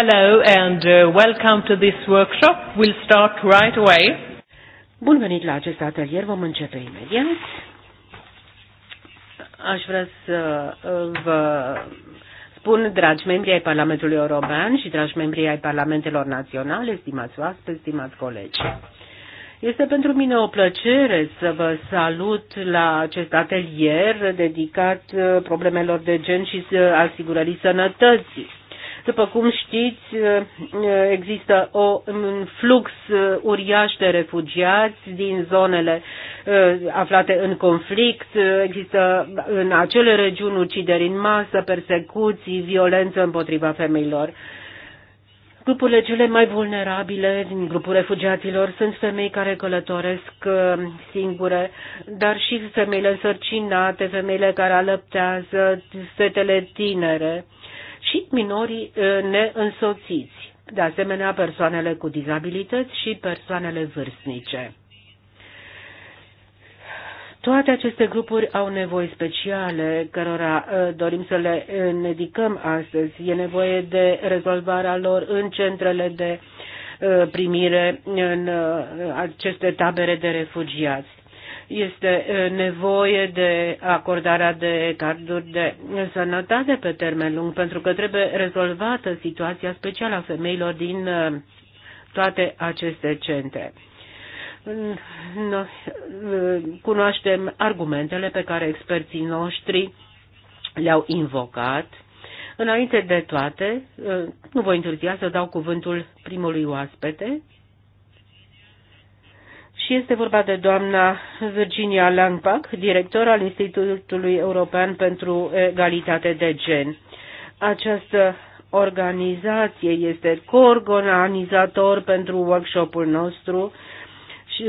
Hello and uh, welcome to this workshop. We'll start right away. Bun venit la acest atelier, vom începe imediat. Aș vrea să uh, vă spun, dragi membri ai Parlamentului European și dragi membri ai Parlamentelor Naționale, stimați oaspeți, stimați colegi. Este pentru mine o plăcere să vă salut la acest atelier dedicat uh, problemelor de gen și uh, asigurării sănătății după cum știți, uh, uh, există o, un flux uh, uriaș de refugiați din zonele aflate în conflict, există în acele regiuni ucideri în masă, persecuții, violență împotriva femeilor. Grupurile cele mai vulnerabile din grupul refugiaților sunt femei care călătoresc singure, dar și femeile însărcinate, femeile care alăptează, fetele tinere și minorii neînsoțiți, de asemenea persoanele cu dizabilități și persoanele vârstnice. Toate aceste grupuri au nevoi speciale, cărora dorim să le dedicăm astăzi. E nevoie de rezolvarea lor în centrele de primire, în aceste tabere de refugiați. Este nevoie de acordarea de carduri de sănătate pe termen lung, pentru că trebuie rezolvată situația specială a femeilor din toate aceste centre. Noi cunoaștem argumentele pe care experții noștri le-au invocat. Înainte de toate, nu voi întârzia să dau cuvântul primului oaspete, și este vorba de doamna Virginia Langbach, director al Institutului European pentru Egalitate de Gen. Această organizație este coorganizator pentru workshopul nostru și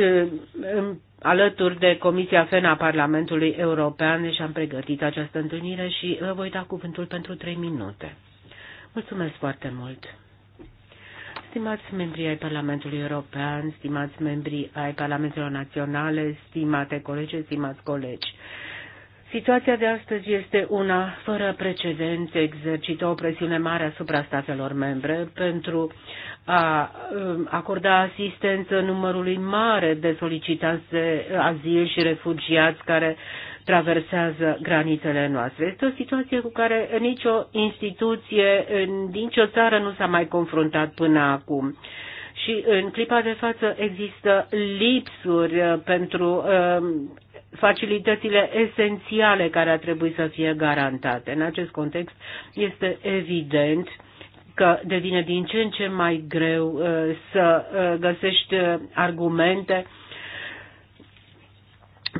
alături de Comisia FENA Parlamentului European, și deci am pregătit această întâlnire și vă voi da cuvântul pentru trei minute. Mulțumesc foarte mult! Stimați membri ai Parlamentului European, stimați membri ai Parlamentelor Naționale, stimate colegi, stimați colegi, Situația de astăzi este una fără precedent, exercită o presiune mare asupra statelor membre pentru a um, acorda asistență numărului mare de solicitanți de azil și refugiați care traversează granițele noastre. Este o situație cu care nicio instituție, din nicio țară nu s-a mai confruntat până acum și în clipa de față există lipsuri uh, pentru uh, facilitățile esențiale care ar trebui să fie garantate. În acest context este evident că devine din ce în ce mai greu uh, să găsești argumente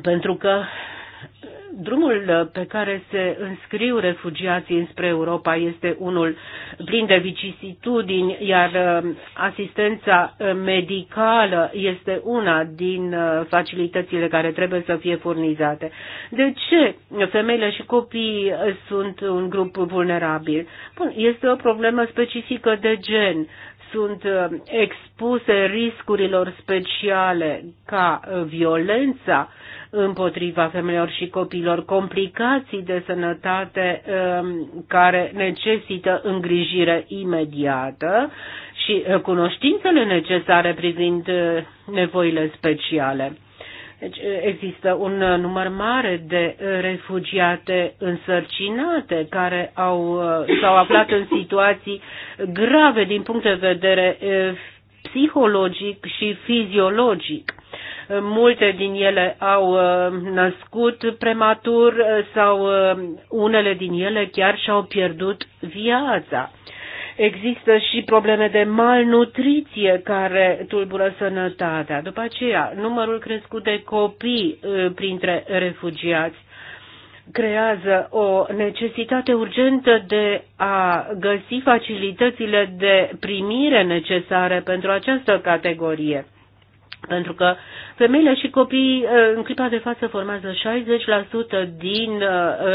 pentru că drumul uh, pe care se înscriu refugiații înspre Europa este unul plin de vicisitudini, iar uh, asistența uh, medicală este una din facilitățile care trebuie să fie furnizate. De ce femeile și copiii sunt un grup vulnerabil? Bun, este o problemă specifică de gen sunt uh, expuse riscurilor speciale ca uh, violența împotriva femeilor și copiilor, complicații de sănătate um, care necesită îngrijire imediată și uh, cunoștințele necesare privind nevoile speciale. Deci există un număr mare de refugiate însărcinate care au, s-au aflat în situații grave din punct de vedere psihologic și fiziologic. Multe din ele au născut prematur sau unele din ele chiar și-au pierdut viața. Există și probleme de malnutriție care tulbură sănătatea. După aceea, numărul crescut de copii ă, printre refugiați creează o necesitate urgentă de a găsi facilitățile de primire necesare pentru această categorie. Pentru că femeile și copiii uh, în clipa de față formează 60% din uh,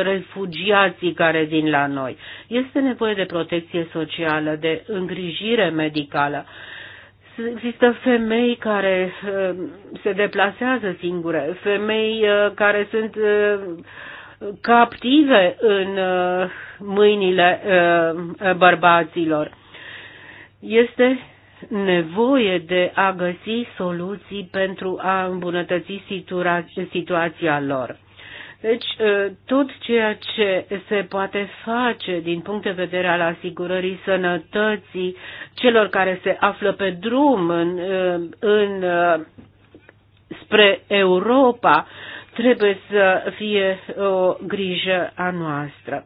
refugiații care vin la noi. Este nevoie de protecție socială, de îngrijire medicală. Există femei care uh, se deplasează singure, femei care sunt captive în mâinile bărbaților. Este nevoie de a găsi soluții pentru a îmbunătăți situa situația lor. Deci, ă, tot ceea ce se poate face din punct de vedere al asigurării sănătății celor care se află pe drum în, ă, în, ă, spre Europa, trebuie să fie o grijă a noastră.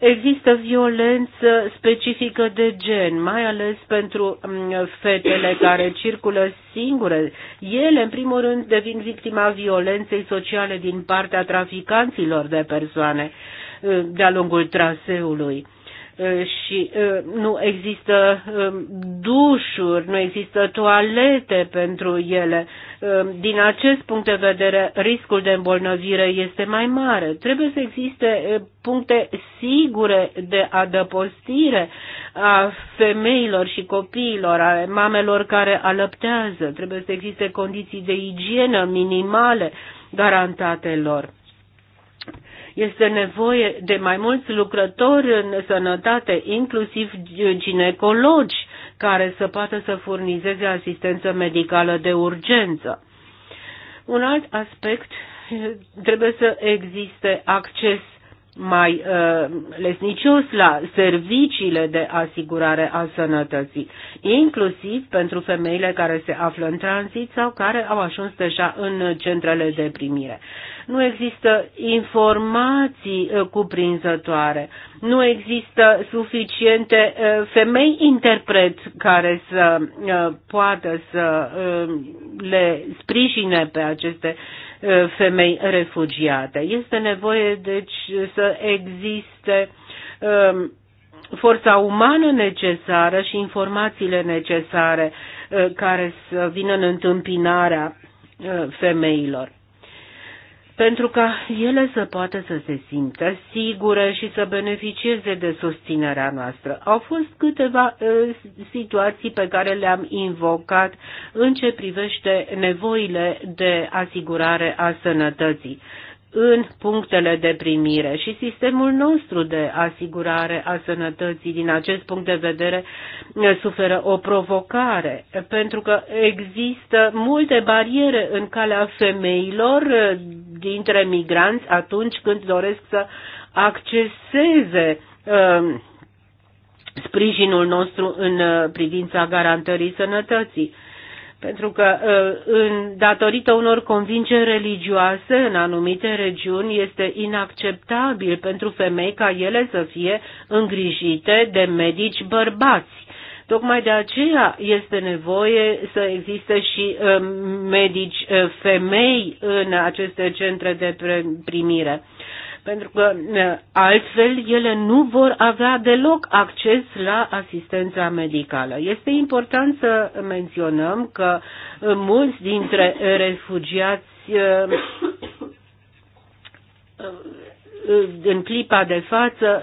Există violență specifică de gen, mai ales pentru mm, fetele care circulă singure. Ele, în primul rând, devin victima violenței sociale din partea traficanților de persoane mm, de-a lungul traseului. Eh, și eh, nu există eh, dușuri, nu există toalete pentru ele. Din acest punct de vedere, riscul de îmbolnăvire este mai mare. Trebuie să existe puncte sigure de adăpostire a femeilor și copiilor, a mamelor care alăptează. Trebuie să existe condiții de igienă minimale garantate lor. Este nevoie de mai mulți lucrători în sănătate, inclusiv ginecologi, care să poată să furnizeze asistență medicală de urgență. Un alt aspect, trebuie să existe acces mai uh, lesnicios la serviciile de asigurare a sănătății, inclusiv pentru femeile care se află în tranzit sau care au ajuns deja în centrele de primire nu există informații uh, cuprinzătoare, nu există suficiente uh, femei interpreți care să uh, poată să le sprijine pe aceste femei refugiate. Este nevoie, deci, să existe um, forța umană necesară și informațiile necesare care să vină în întâmpinarea femeilor pentru ca ele să poată să se simtă sigure și să beneficieze de susținerea noastră. Au fost câteva uh, situații pe care le-am invocat în ce privește nevoile de asigurare a sănătății. Uh, în punctele de primire și sistemul nostru de asigurare a sănătății din acest punct de vedere suferă o provocare pentru că există multe bariere în calea femeilor uh, dintre migranți atunci când doresc să acceseze uh, sprijinul nostru în uh, privința garantării sănătății. Uh, pentru că, uh, în, datorită unor convingeri religioase în anumite regiuni, este inacceptabil pentru femei ca ele să fie îngrijite de medici bărbați. Tocmai de aceea este nevoie să existe și uh, medici uh, femei în aceste centre de primire pentru că altfel ele nu vor avea deloc acces la asistența medicală. Este important să menționăm că uh, mulți dintre refugiați uh, uh, în clipa de față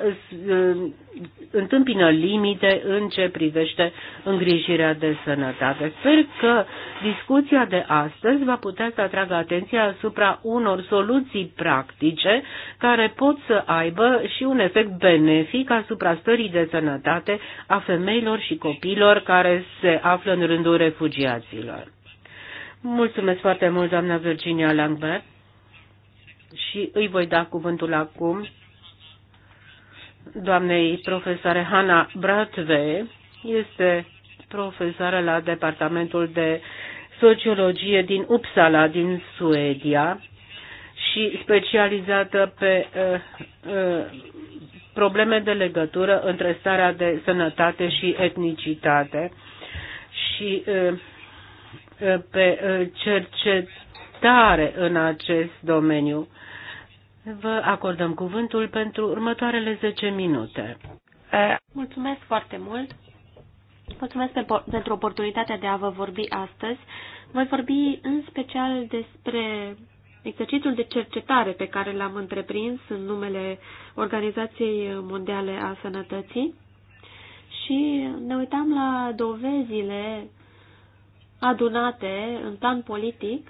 întâmpină limite în ce privește îngrijirea de sănătate. Sper că discuția de astăzi va putea să atragă atenția asupra unor soluții practice care pot să aibă și un efect benefic asupra stării de sănătate a femeilor și copiilor care se află în rândul refugiaților. Mulțumesc foarte mult, doamna Virginia Langbert și îi voi da cuvântul acum doamnei profesoare Hanna Bratve, este profesoară la Departamentul de Sociologie din Uppsala, din Suedia, și specializată pe uh, uh, probleme de legătură între starea de sănătate și etnicitate și uh, uh pe uh, cercetare în acest domeniu. Vă acordăm cuvântul pentru următoarele 10 minute. Mulțumesc foarte mult. Mulțumesc pentru oportunitatea de a vă vorbi astăzi. Voi vorbi în special despre exercițiul de cercetare pe care l-am întreprins în numele Organizației Mondiale a Sănătății și ne uitam la dovezile adunate în plan politic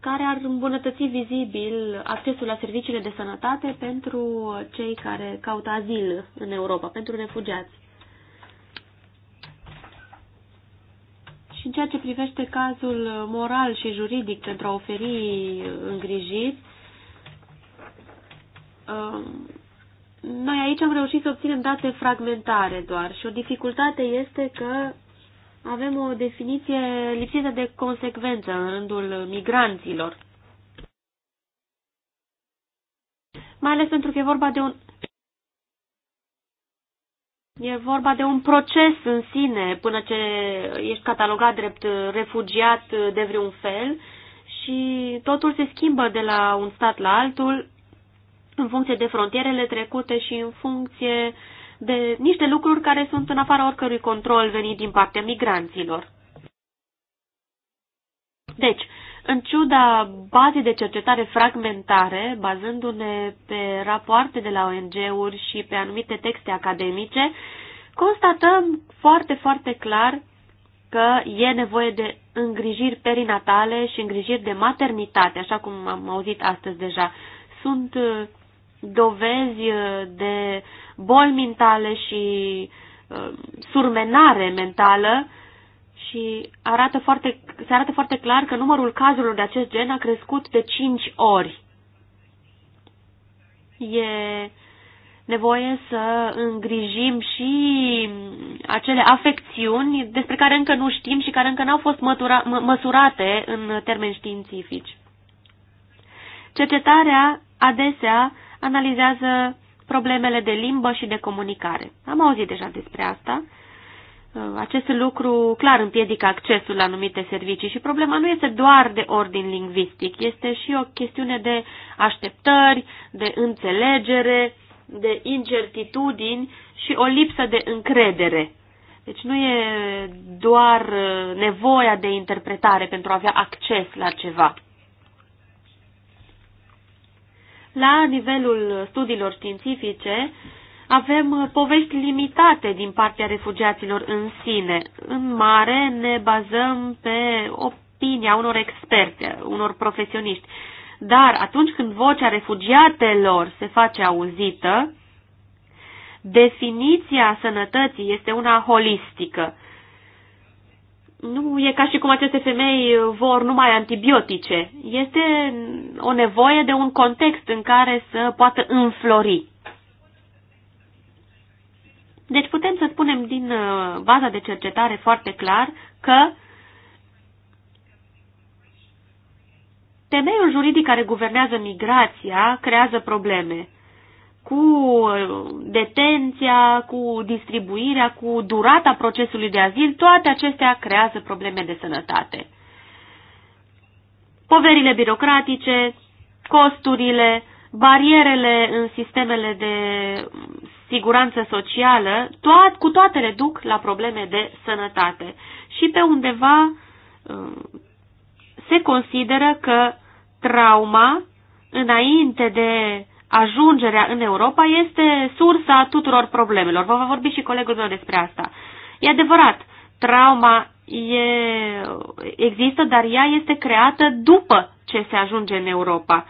care ar îmbunătăți vizibil accesul la serviciile de sănătate pentru cei care caută azil în Europa, pentru refugiați. Și în ceea ce privește cazul moral și juridic pentru a oferi îngrijiri, um, noi aici am reușit să obținem date fragmentare doar și o dificultate este că avem o definiție lipsită de consecvență în rândul migranților. Mai ales pentru că e vorba de un E vorba de un proces în sine până ce ești catalogat drept refugiat de vreun fel și totul se schimbă de la un stat la altul în funcție de frontierele trecute și în funcție de niște lucruri care sunt în afara oricărui control venit din partea migranților. Deci, în ciuda bazei de cercetare fragmentare, bazându-ne pe rapoarte de la ONG-uri și pe anumite texte academice, constatăm foarte, foarte clar că e nevoie de îngrijiri perinatale și îngrijiri de maternitate, așa cum am auzit astăzi deja. Sunt dovezi uh, de boli mentale și uh, surmenare mentală și arată foarte, se arată foarte clar că numărul cazurilor de acest gen a crescut de 5 ori. E nevoie să îngrijim și acele afecțiuni despre care încă nu știm și care încă n-au fost mătura, măsurate în termeni științifici. Cercetarea adesea analizează problemele de limbă și de comunicare. Am auzit deja despre asta. Uh, acest lucru clar împiedică accesul la anumite servicii și problema nu este doar de ordin lingvistic, este și o chestiune de așteptări, de înțelegere, de incertitudini și o lipsă de încredere. Deci nu e doar uh, nevoia de interpretare pentru a avea acces la ceva. la nivelul studiilor științifice avem uh, povești limitate din partea refugiaților în sine. În mare ne bazăm pe opinia unor experte, unor profesioniști. Dar atunci când vocea refugiatelor se face auzită, definiția sănătății este una holistică nu e ca și cum aceste femei vor numai antibiotice. Este o nevoie de un context în care să poată înflori. Deci putem să spunem din uh, baza de cercetare foarte clar că temeiul juridic care guvernează migrația creează probleme cu uh, detenția, cu distribuirea, cu durata procesului de azil, toate acestea creează probleme de sănătate. Poverile birocratice, costurile, barierele în sistemele de siguranță socială, toat, cu toate le duc la probleme de sănătate. Și pe undeva uh, se consideră că trauma, înainte de ajungerea în Europa este sursa tuturor problemelor. Vă va vorbi și colegul meu despre asta. E adevărat, trauma e, există, dar ea este creată după ce se ajunge în Europa.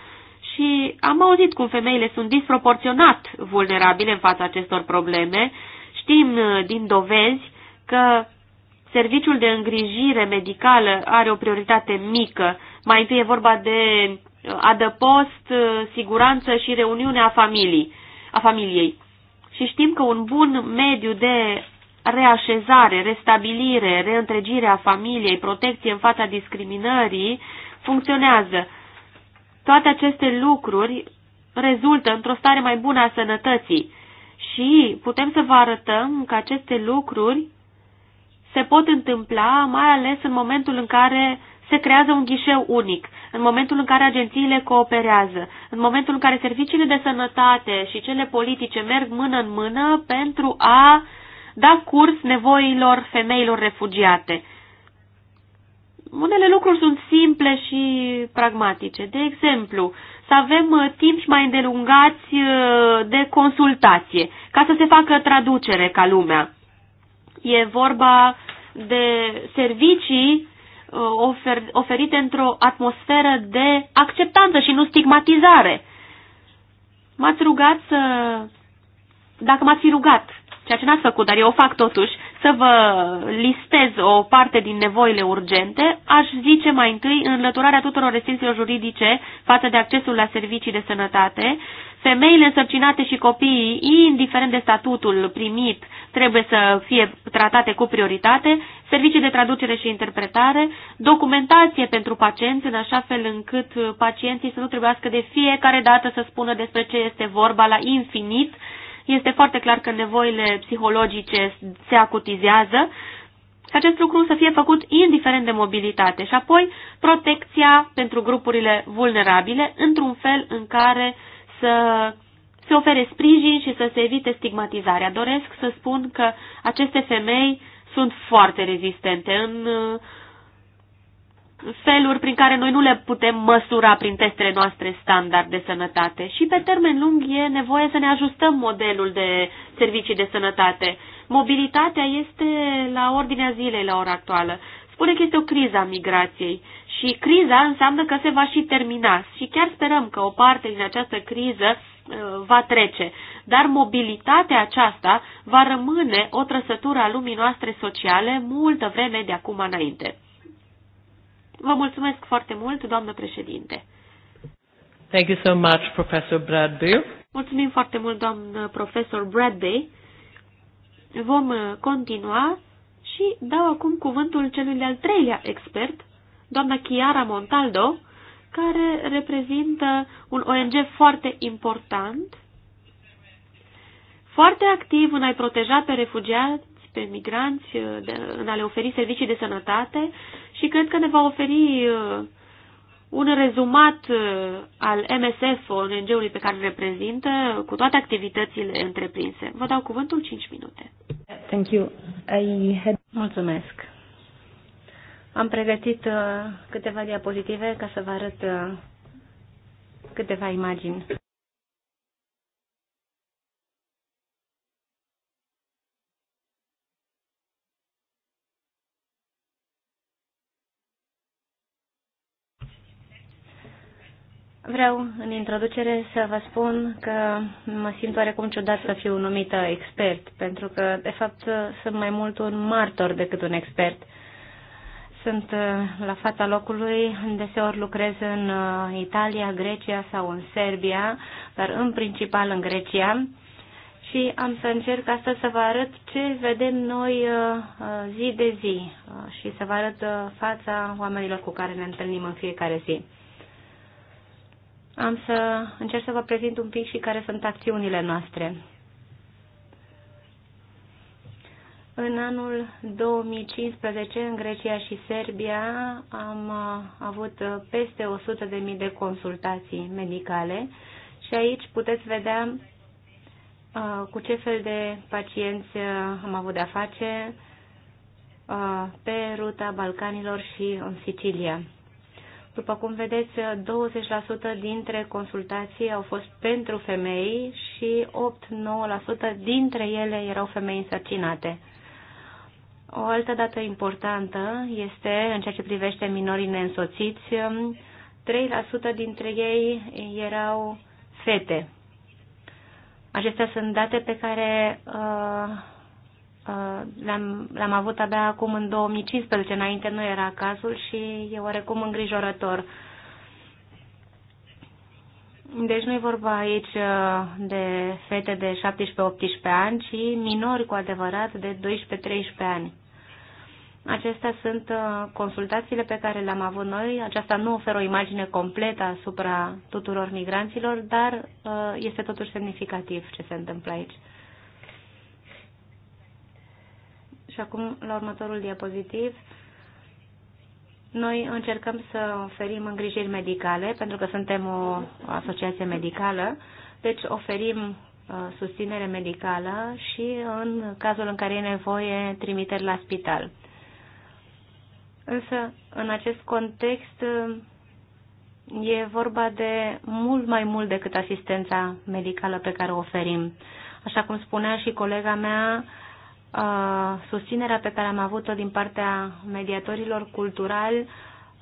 Și am auzit cum femeile sunt disproporționat vulnerabile în fața acestor probleme. Știm uh, din dovezi că serviciul de îngrijire medicală are o prioritate mică. Mai întâi e vorba de adăpost, uh, siguranță și reuniunea familiei, a familiei. Și știm că un bun mediu de reașezare, restabilire, reîntregire a familiei, protecție în fața discriminării, funcționează. Toate aceste lucruri rezultă într-o stare mai bună a sănătății și putem să vă arătăm că aceste lucruri se pot întâmpla mai ales în momentul în care se creează un ghișeu unic în momentul în care agențiile cooperează, în momentul în care serviciile de sănătate și cele politice merg mână în mână pentru a da curs nevoilor femeilor refugiate. Unele lucruri sunt simple și pragmatice. De exemplu, să avem uh, timp mai îndelungați uh, de consultație, ca să se facă traducere ca lumea. E vorba de servicii Uh, ofer, oferite într-o atmosferă de acceptanță și nu stigmatizare. M-ați rugat să... Dacă m-ați fi rugat, ceea ce n-ați făcut, dar eu o fac totuși, să vă listez o parte din nevoile urgente, aș zice mai întâi înlăturarea tuturor restricțiilor juridice față de accesul la servicii de sănătate, Femeile însărcinate și copiii, indiferent de statutul primit, trebuie să fie tratate cu prioritate, servicii de traducere și interpretare, documentație pentru pacienți, în așa fel încât pacienții să nu trebuiască de fiecare dată să spună despre ce este vorba la infinit. Este foarte clar că nevoile psihologice se acutizează acest lucru să fie făcut indiferent de mobilitate și apoi protecția pentru grupurile vulnerabile într-un fel în care uh, să se ofere sprijin și să se evite stigmatizarea. Doresc să spun că aceste femei sunt foarte rezistente în feluri prin care noi nu le putem măsura prin testele noastre standard de sănătate. Și pe termen lung e nevoie să ne ajustăm modelul de servicii de sănătate. Mobilitatea este la ordinea zilei la ora actuală spune că este o criză a migrației și criza înseamnă că se va și termina și chiar sperăm că o parte din această criză uh, va trece, dar mobilitatea aceasta va rămâne o trăsătură a lumii noastre sociale multă vreme de acum înainte. Vă mulțumesc foarte mult, doamnă președinte. Thank you so much, Professor Bradby. Mulțumim foarte mult, doamnă profesor Bradby. Vom uh, continua și dau acum cuvântul celui de-al treilea expert, doamna Chiara Montaldo, care reprezintă un ONG foarte important, foarte activ în a-i proteja pe refugiați, pe migranți, în a le oferi servicii de sănătate și cred că ne va oferi uh, un rezumat uh, al MSF, ONG-ului pe care îl reprezintă, cu toate activitățile întreprinse. Vă dau cuvântul 5 minute. Thank you. I had... Mulțumesc. Am pregătit uh, câteva diapozitive ca să vă arăt uh, câteva imagini. Vreau, în introducere, să vă spun că mă simt oarecum ciudat să fiu numită expert, pentru că, de fapt, sunt mai mult un martor decât un expert. Sunt uh, la fața locului, deseori lucrez în uh, Italia, Grecia sau în Serbia, dar în principal în Grecia. Și am să încerc astăzi să vă arăt ce vedem noi uh, zi de zi și să vă arăt fața oamenilor cu care ne întâlnim în fiecare zi am să încerc să vă prezint un pic și care sunt acțiunile noastre. În anul 2015, în Grecia și Serbia, am avut peste 100.000 de consultații medicale și aici puteți vedea uh, cu ce fel de pacienți uh, am avut de-a face uh, pe ruta Balcanilor și în Sicilia. După cum vedeți, 20% dintre consultații au fost pentru femei și 8-9% dintre ele erau femei însărcinate. O altă dată importantă este, în ceea ce privește minorii neînsoțiți, 3% dintre ei erau fete. Acestea sunt date pe care uh, Uh, L-am, am avut abia acum în 2015, înainte nu era cazul și e oarecum îngrijorător. Deci nu e vorba aici uh, de fete de 17-18 ani, ci minori cu adevărat de 12-13 ani. Acestea sunt uh, consultațiile pe care le-am avut noi. Aceasta nu oferă o imagine completă asupra tuturor migranților, dar este totuși semnificativ ce se întâmplă aici. Și acum, la următorul diapozitiv, noi încercăm să oferim îngrijiri medicale, pentru că suntem o asociație medicală, deci oferim uh, susținere medicală și în cazul în care e nevoie trimiteri la spital. Însă, în acest context, uh, e vorba de mult mai mult decât asistența medicală pe care o oferim. Așa cum spunea și colega mea, susținerea pe care am avut-o din partea mediatorilor culturali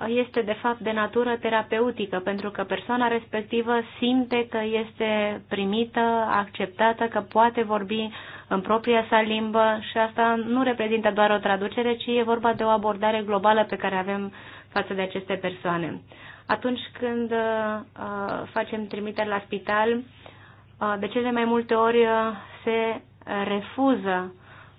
este de fapt de natură terapeutică, pentru că persoana respectivă simte că este primită, acceptată, că poate vorbi în propria sa limbă și asta nu reprezintă doar o traducere, ci e vorba de o abordare globală pe care avem față de aceste persoane. Atunci când uh, facem trimiteri la spital, uh, de cele mai multe ori uh, se refuză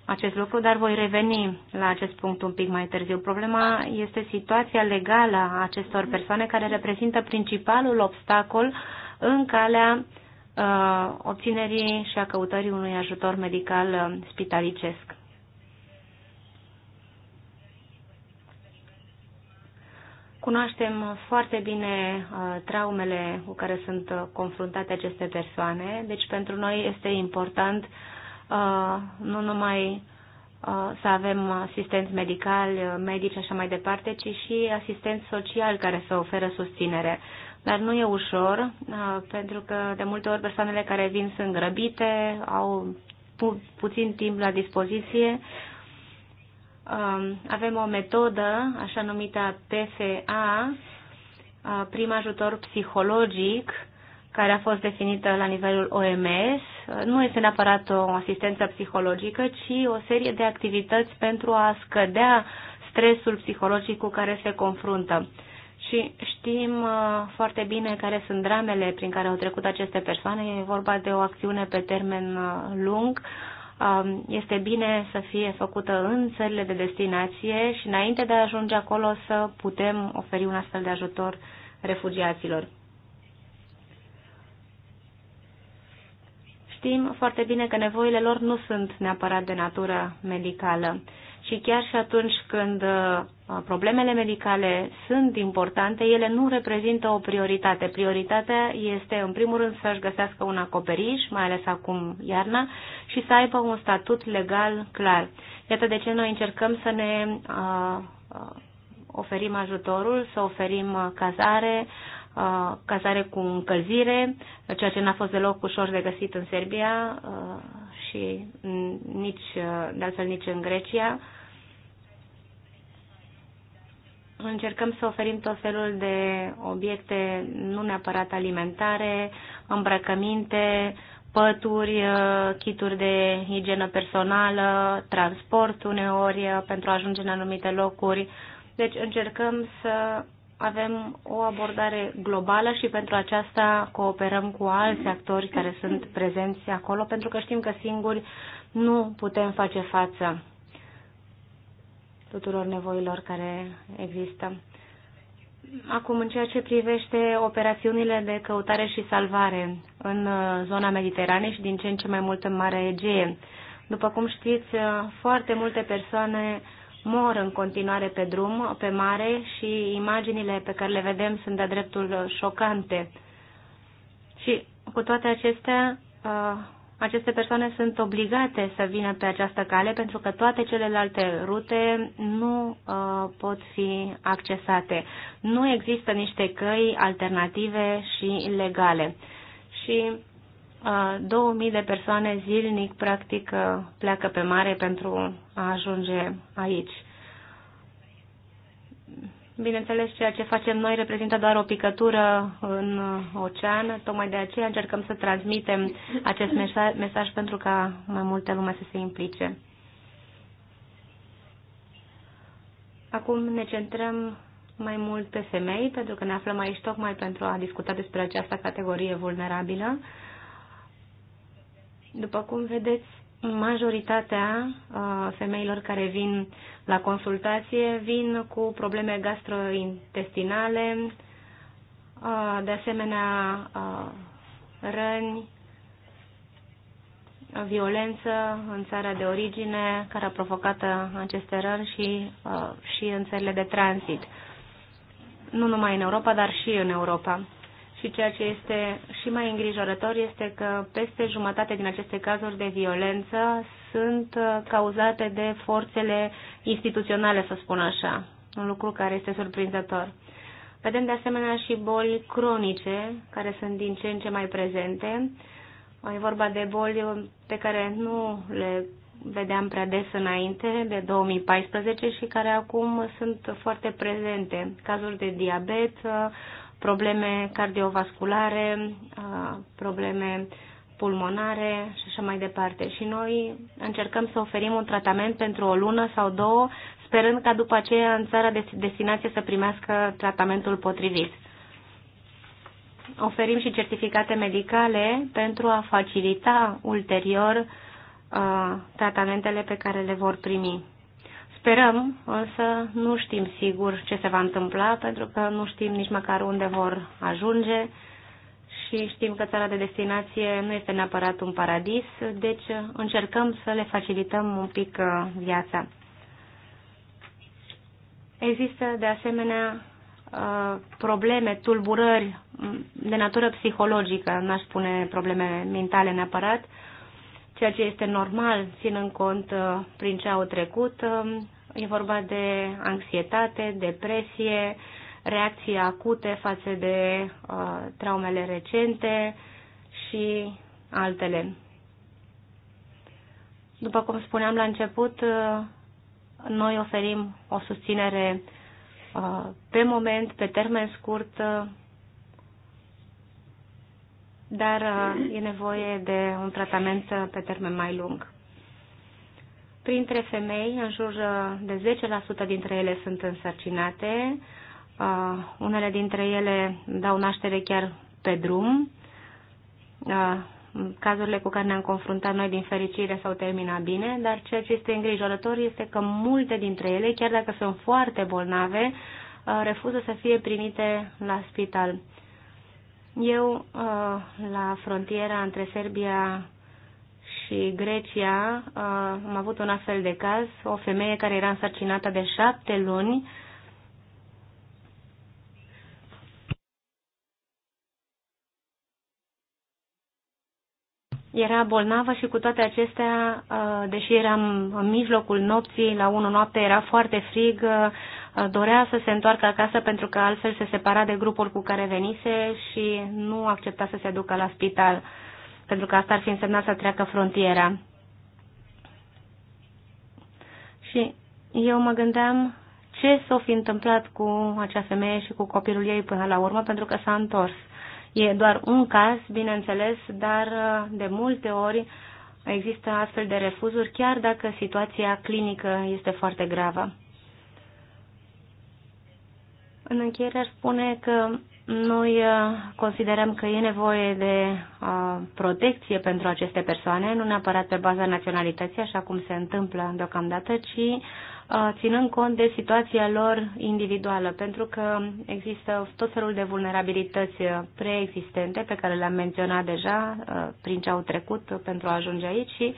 acest lucru, dar voi reveni la acest punct un pic mai târziu. Problema este situația legală a acestor persoane care reprezintă principalul obstacol în calea uh, obținerii și a căutării unui ajutor medical uh, spitalicesc. Cunoaștem foarte bine uh, traumele cu care sunt uh, confruntate aceste persoane, deci pentru noi este important uh, Uh, nu numai uh, să avem asistenți medicali, uh, medici, așa mai departe, ci și asistenți sociali care să oferă susținere. Dar nu e ușor, pentru că de multe ori persoanele care vin sunt grăbite, au pu- puțin timp la dispoziție. Avem o metodă, așa numită PFA, prim ajutor psihologic, care a fost definită la nivelul OMS. Nu este neapărat o asistență psihologică, ci o serie de activități pentru a scădea stresul psihologic cu care se confruntă. Și știm uh, foarte bine care sunt dramele prin care au trecut aceste persoane. E vorba de o acțiune pe termen uh, lung. Um, este bine să fie făcută în țările de destinație și înainte de a ajunge acolo să putem oferi un astfel de ajutor refugiaților. știm foarte bine că nevoile lor nu sunt neapărat de natură medicală. Și chiar și atunci când uh, problemele medicale sunt importante, ele nu reprezintă o prioritate. Prioritatea este, în primul rând, să-și găsească un acoperiș, mai ales acum iarna, și să aibă un statut legal clar. Iată de ce noi încercăm să ne uh, uh, oferim ajutorul, să oferim cazare, cazare cu încălzire, ceea ce n-a fost deloc ușor de găsit în Serbia și nici, de altfel nici în Grecia. Încercăm să oferim tot felul de obiecte, nu neapărat alimentare, îmbrăcăminte, pături, kituri de igienă personală, transport uneori pentru a ajunge în anumite locuri. Deci încercăm să avem o abordare globală și pentru aceasta cooperăm cu alți actori care sunt prezenți acolo, pentru că știm că singuri nu putem face față tuturor nevoilor care există. Acum, în ceea ce privește operațiunile de căutare și salvare în uh, zona Mediteranei și din ce în ce mai mult în Marea Egee, după cum știți, uh, foarte multe persoane mor în continuare pe drum, pe mare și imaginile pe care le vedem sunt de dreptul șocante. Și cu toate acestea, uh, aceste persoane sunt obligate să vină pe această cale pentru că toate celelalte rute nu uh, pot fi accesate. Nu există niște căi alternative și legale. Și 2000 de persoane zilnic, practic, ă, pleacă pe mare pentru a ajunge aici. Bineînțeles, ceea ce facem noi reprezintă doar o picătură în ocean, tocmai de aceea încercăm să transmitem acest mesaj pentru ca mai multe lume să se implice. Acum ne centrăm mai mult pe femei, pentru că ne aflăm aici tocmai pentru a discuta despre această categorie vulnerabilă. După cum vedeți, majoritatea uh, femeilor care vin la consultație vin cu probleme gastrointestinale, uh, de asemenea uh, răni, violență în țara de origine care a provocat aceste răni și, și în țările de tranzit. Nu numai în Europa, dar și în Europa. Și ceea ce este și mai îngrijorător este că peste jumătate din aceste cazuri de violență sunt uh, cauzate de forțele instituționale, să spun așa, un lucru care este surprinzător. Vedem de asemenea și boli cronice, care sunt din ce în ce mai prezente. E vorba de boli pe care nu le vedeam prea des înainte, de 2014, și care acum sunt foarte prezente. Cazuri de diabet, probleme cardiovasculare, probleme pulmonare și așa mai departe. Și noi încercăm să oferim un tratament pentru o lună sau două, sperând ca după aceea în țara de destinație să primească tratamentul potrivit. Oferim și certificate medicale pentru a facilita ulterior uh, tratamentele pe care le vor primi. Sperăm, însă nu știm sigur ce se va întâmpla, pentru că nu știm nici măcar unde vor ajunge și știm că țara de destinație nu este neapărat un paradis, deci încercăm să le facilităm un pic uh, viața. Există, de asemenea, uh, probleme, tulburări de natură psihologică, n-aș spune probleme mentale neapărat, ceea ce este normal, ținând cont uh, prin ce au trecut, um, E vorba de anxietate, depresie, reacții acute față de uh, traumele recente și altele. După cum spuneam la început, uh, noi oferim o susținere uh, pe moment, pe termen scurt, uh, dar uh, e nevoie de un tratament uh, pe termen mai lung. Printre femei, în jur de 10% dintre ele sunt însărcinate, uh, unele dintre ele dau naștere chiar pe drum. Uh, cazurile cu care ne-am confruntat noi, din fericire, s-au terminat bine, dar ceea ce este îngrijorător este că multe dintre ele, chiar dacă sunt foarte bolnave, uh, refuză să fie primite la spital. Eu, la frontiera între Serbia și Grecia uh, am avut un astfel de caz, o femeie care era însărcinată de șapte luni era bolnavă și cu toate acestea, uh, deși eram în mijlocul nopții, la 1 noapte era foarte frig, uh, dorea să se întoarcă acasă pentru că altfel se separa de grupul cu care venise și nu accepta să se ducă la spital pentru că asta ar fi însemnat să treacă frontiera. Și eu mă gândeam ce s-o fi întâmplat cu acea femeie și cu copilul ei până la urmă, pentru că s-a întors. E doar un caz, bineînțeles, dar uh, de multe ori există astfel de refuzuri, chiar dacă situația clinică este foarte gravă. În încheiere ar spune că noi uh, considerăm că e nevoie de uh, protecție pentru aceste persoane, nu neapărat pe baza naționalității, așa cum se întâmplă deocamdată, ci uh, ținând cont de situația lor individuală, pentru că există tot felul de vulnerabilități preexistente pe care le-am menționat deja prin ce au trecut pentru a ajunge aici și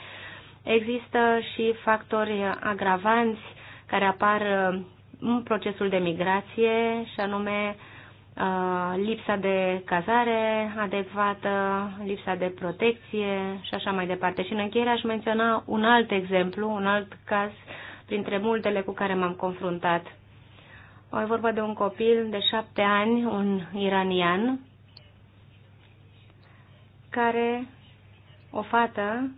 există și factori agravanți care apar în procesul de migrație și anume uh, Uh, lipsa de cazare adecvată, lipsa de protecție și așa mai departe. Și în încheiere aș menționa un alt exemplu, un alt caz printre multele cu care m-am confruntat. O e vorba de un copil de șapte ani, un iranian, care o fată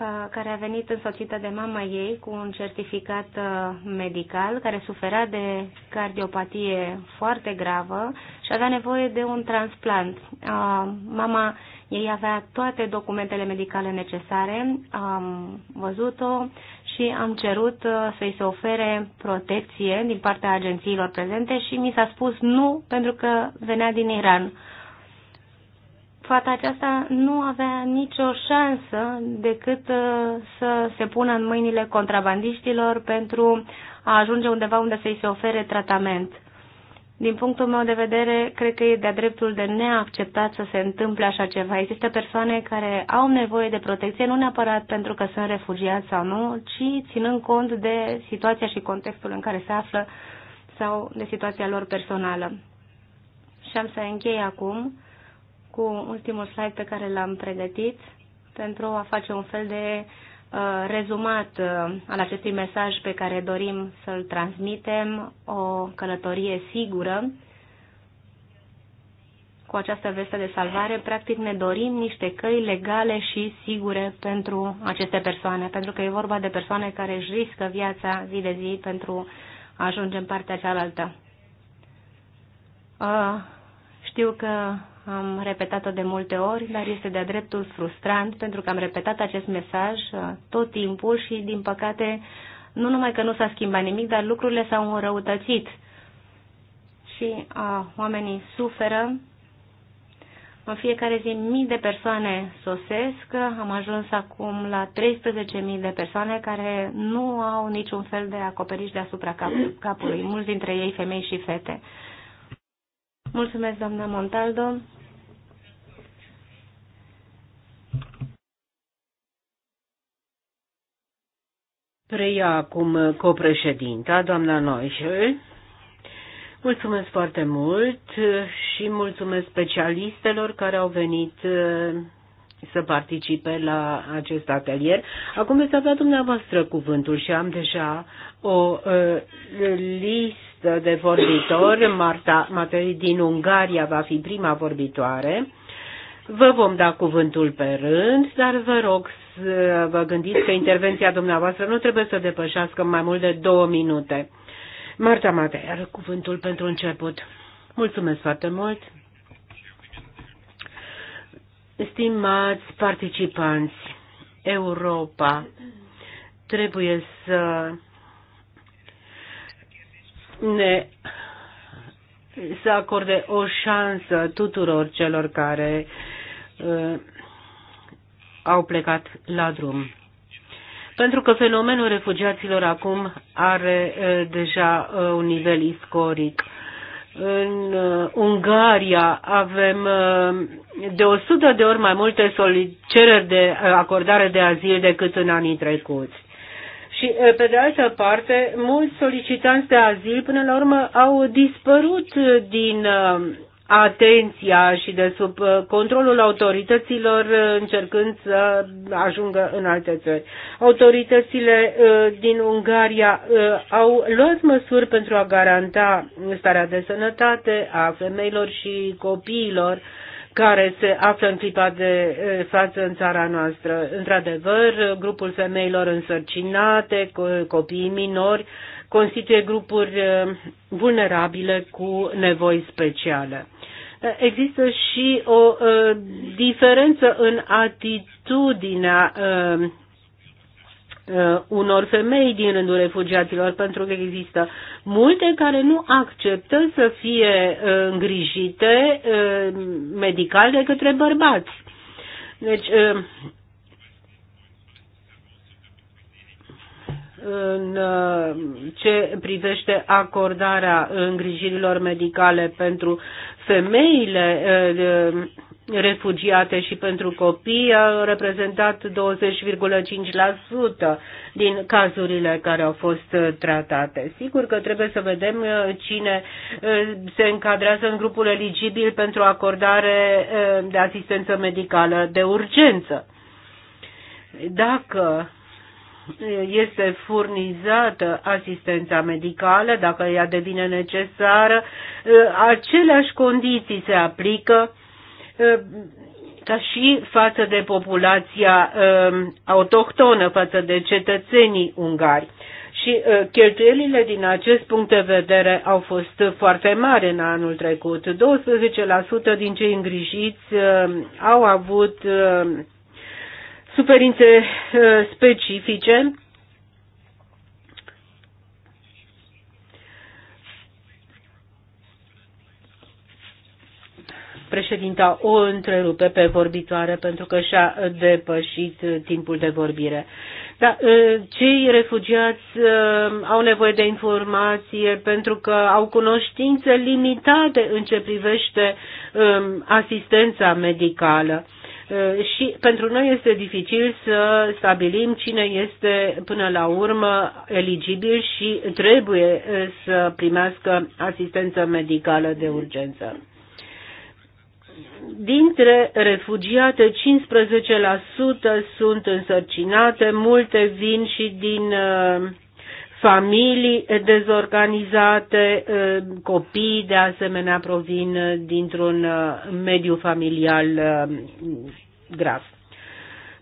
Uh, care a venit însoțită de mama ei cu un certificat uh, medical, care sufera de cardiopatie foarte gravă și avea nevoie de un transplant. Uh, mama ei avea toate documentele medicale necesare, am văzut-o și am cerut să-i se ofere protecție din partea agențiilor prezente și mi s-a spus nu pentru că venea din Iran fata aceasta nu avea nicio șansă decât uh, să se pună în mâinile contrabandiștilor pentru a ajunge undeva unde să-i se ofere tratament. Din punctul meu de vedere, cred că e de-a dreptul de neacceptat să se întâmple așa ceva. Există persoane care au nevoie de protecție, nu neapărat pentru că sunt refugiați sau nu, ci ținând cont de situația și contextul în care se află sau de situația lor personală. Și am să închei acum cu ultimul slide pe care l-am pregătit pentru a face un fel de uh, rezumat uh, al acestui mesaj pe care dorim să-l transmitem, o călătorie sigură cu această veste de salvare, practic ne dorim niște căi legale și sigure pentru aceste persoane, pentru că e vorba de persoane care își riscă viața zi de zi pentru a ajunge în partea cealaltă. Uh, știu că am repetat-o de multe ori, dar este de-a dreptul frustrant pentru că am repetat acest mesaj uh, tot timpul și, din păcate, nu numai că nu s-a schimbat nimic, dar lucrurile s-au înrăutățit și a, uh, oamenii suferă. În fiecare zi mii de persoane sosesc, am ajuns acum la 13.000 de persoane care nu au niciun fel de acoperiș deasupra capului, mulți dintre ei femei și fete. Mulțumesc, doamna Montaldo. preia acum copreședinta, doamna Noișel. Mulțumesc foarte mult și mulțumesc specialistelor care au venit uh, să participe la acest atelier. Acum veți avea dumneavoastră cuvântul și am deja o uh, listă de vorbitori. Marta Matei din Ungaria va fi prima vorbitoare. Vă vom da cuvântul pe rând, dar vă rog vă gândiți că intervenția dumneavoastră nu trebuie să depășească mai mult de două minute. Marta Matei cuvântul pentru început. Mulțumesc foarte mult. Stimați participanți, Europa trebuie să ne să acorde o șansă tuturor celor care uh, au plecat la drum. Pentru că fenomenul refugiaților acum are deja un nivel istoric. În Ungaria avem de 100 de ori mai multe cereri de acordare de azil decât în anii trecuți. Și, pe de altă parte, mulți solicitanți de azil, până la urmă, au dispărut din atenția și de sub uh, controlul autorităților uh, încercând să ajungă în alte țări. Autoritățile uh, din Ungaria au luat măsuri pentru a garanta starea de sănătate a femeilor și copiilor care se află în clipa de față în țara noastră. Într-adevăr, grupul femeilor însărcinate, copiii minori, constituie grupuri vulnerabile cu nevoi speciale. Eh, există și o eh, diferență în atitudinea eh, unor femei din rândul refugiaților, pentru că există multe care nu acceptă să fie îngrijite medical de către bărbați. Deci, în ce privește acordarea îngrijirilor medicale pentru femeile uh, uh, refugiate și pentru copii a reprezentat 20,5% din cazurile care au fost uh, tratate. Sigur că trebuie să vedem cine se încadrează în grupul eligibil pentru acordare de asistență medicală de urgență. Dacă este furnizată asistența medicală, dacă ea devine necesară, eh, aceleași condiții se aplică eh, ca și față de populația eh, autohtonă, față de cetățenii ungari. Și cheltuielile din acest punct de vedere au fost foarte mari în anul trecut. 12% din cei îngrijiți au avut suferințe uh, specifice. Președinta o întrerupe pe vorbitoare pentru că și-a depășit uh, timpul de vorbire. Da, uh, cei refugiați au nevoie de informație pentru că au cunoștințe limitate în ce privește um, asistența medicală. Uh, și pentru noi este dificil să stabilim cine este până la urmă eligibil și trebuie uh, să primească asistență medicală de urgență. Dintre refugiate, 15% sunt însărcinate, multe vin și din uh, familii dezorganizate, eh, copii de asemenea provin eh, dintr-un eh, mediu familial grav.